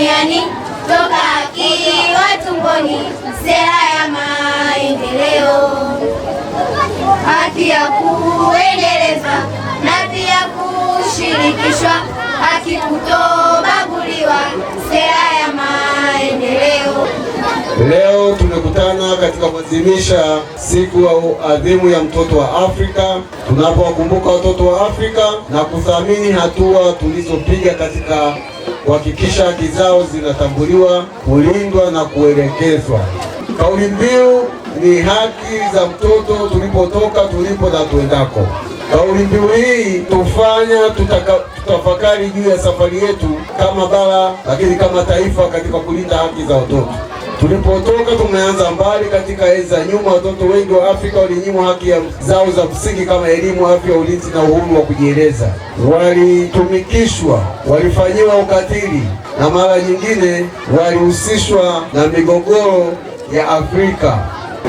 duniani toka akili wa tumboni, sera ya maendeleo, haki ya kuendeleza na pia kushirikishwa, haki kutobaguliwa, sera ya maendeleo. Leo tumekutana katika kuadhimisha siku ya adhimu ya mtoto wa Afrika, tunapowakumbuka watoto wa Afrika na kuthamini hatua tulizopiga katika kuhakikisha haki zao zinatambuliwa, kulindwa na kuelekezwa. Kauli mbiu ni haki za mtoto, tulipotoka, tulipo na tuendako. Kauli mbiu hii tufanya tutaka, tutafakari juu ya safari yetu kama bara, lakini kama taifa katika kulinda haki za watoto. Tulipotoka tumeanza mbali. Katika enzi za nyuma, watoto wengi wa Afrika walinyimwa haki zao za msingi kama elimu, afya, ulinzi na uhuru wa kujieleza. Walitumikishwa, walifanyiwa ukatili na mara nyingine walihusishwa na migogoro ya Afrika.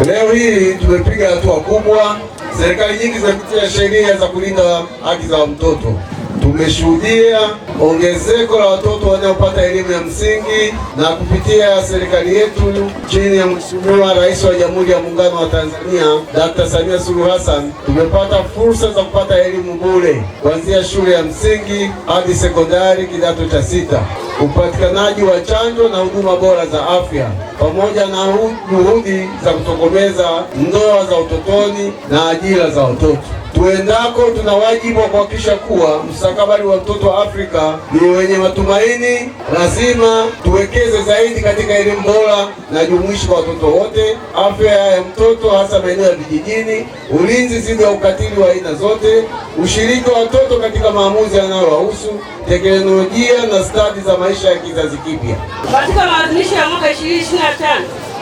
Leo hii tumepiga hatua kubwa. Serikali nyingi zimepitia sheria za kulinda haki za mtoto tumeshuhudia ongezeko la watoto wanaopata elimu ya msingi na kupitia serikali yetu chini ya Mheshimiwa Rais wa Jamhuri ya Muungano wa Tanzania Dr. Samia Suluhu Hassan, tumepata fursa za kupata elimu bure kuanzia shule ya msingi hadi sekondari kidato cha sita, upatikanaji wa chanjo na huduma bora za afya, pamoja na juhudi za kutokomeza ndoa za utotoni na ajira za watoto tuendako, tuna wajibu wa kuhakikisha kuwa mustakabali wa mtoto wa Afrika ni wenye matumaini. Lazima tuwekeze zaidi katika elimu bora na jumuishi kwa watoto wote, afya ya mtoto hasa maeneo ya vijijini, ulinzi dhidi ya ukatili wa aina zote, ushiriki wa watoto katika maamuzi yanayowahusu, teknolojia na stadi za maisha ya kizazi kipya. Katika maadhimisho ya mwaka 2025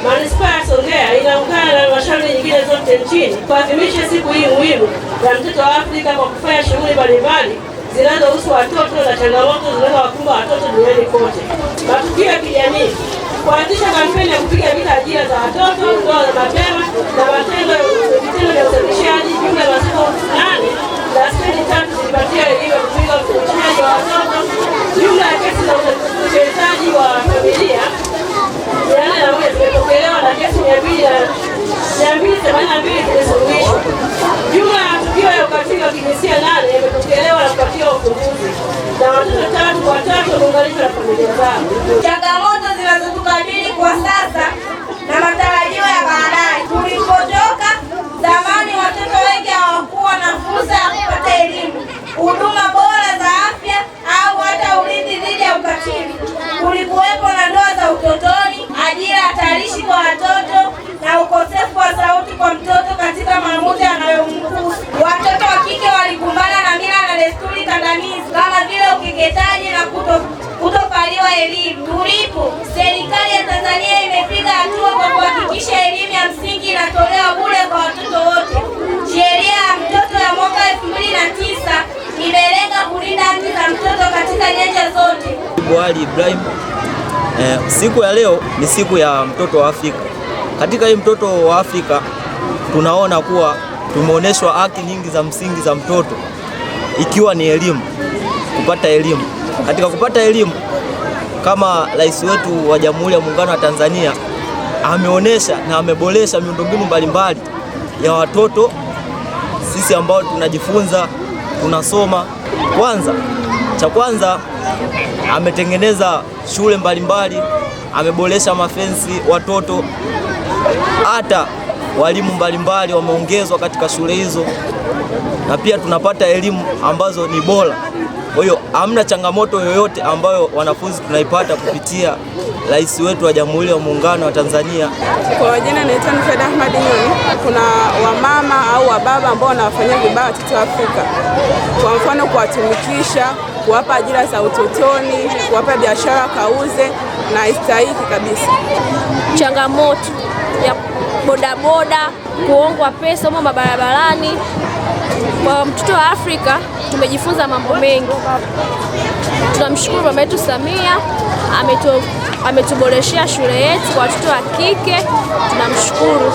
manispaa ya Songea inaungana kote nchini kuadhimisha siku hii muhimu ya mtoto wa Afrika kwa kufanya shughuli mbalimbali zinazohusu watoto na changamoto zinazowakumba watoto duniani kote. Matukio ya kijamii, kuanzisha kampeni ya kupiga vita ajira za watoto 282 suluhisho. ya matukio ya ukatili wa kijinsia nane imepokelewa na kupatiwa ufumbuzi na watoto tatu watatu wameunganishwa na familia zao. Changamoto zinazotukabili kwa sasa na matarajio ya baadaye. Tulipotoka zamani, watoto wengi hawakuwa na fursa ya kupata elimu, huduma bora za afya au hata ulinzi dhidi ya ukatili. Kulikuwepo na ndoa za utotoni, ajira hatarishi kwa watoto na ukosefu wa kwa mtoto katika maamuzi anayomhusu. Watoto wa kike walikumbana na mila na desturi kandamizi kama vile ukeketaji na kutofaliwa elimu. Tulipo, serikali ya Tanzania imepiga hatua kwa kuhakikisha elimu ya msingi inatolewa bure kwa watoto wote. Sheria ya mtoto ya mwaka elfu na tisa imelenga kulinda haki za mtoto katika nyanja zote. Wali Ibrahim eh, siku ya leo ni siku ya mtoto wa Afrika. Katika hii mtoto wa Afrika tunaona kuwa tumeonyeshwa haki nyingi za msingi za mtoto, ikiwa ni elimu, kupata elimu. Katika kupata elimu, kama rais wetu wa Jamhuri ya Muungano wa Tanzania ameonesha na ameboresha miundombinu mbalimbali ya watoto sisi ambao tunajifunza tunasoma. Kwanza, cha kwanza ametengeneza shule mbalimbali, ameboresha mafensi watoto hata walimu mbalimbali wameongezwa katika shule hizo, na pia tunapata elimu ambazo ni bora. Kwa hiyo hamna changamoto yoyote ambayo wanafunzi tunaipata kupitia rais wetu wa Jamhuri ya Muungano wa Tanzania. Kwa jina naitwa Nifeda Ahmad Nyoni. Kuna wamama au wababa ambao wanawafanyia vibaya watoto wa Afrika, kwa mfano kuwatumikisha, kuwapa ajira za utotoni, kuwapa biashara kauze na istahiki kabisa changamoto ya bodaboda, kuongwa pesa humo mabarabarani. Kwa mtoto wa Afrika tumejifunza mambo mengi. Tunamshukuru mama yetu Samia ametu ametuboreshea shule yetu kwa watoto wa kike, tunamshukuru.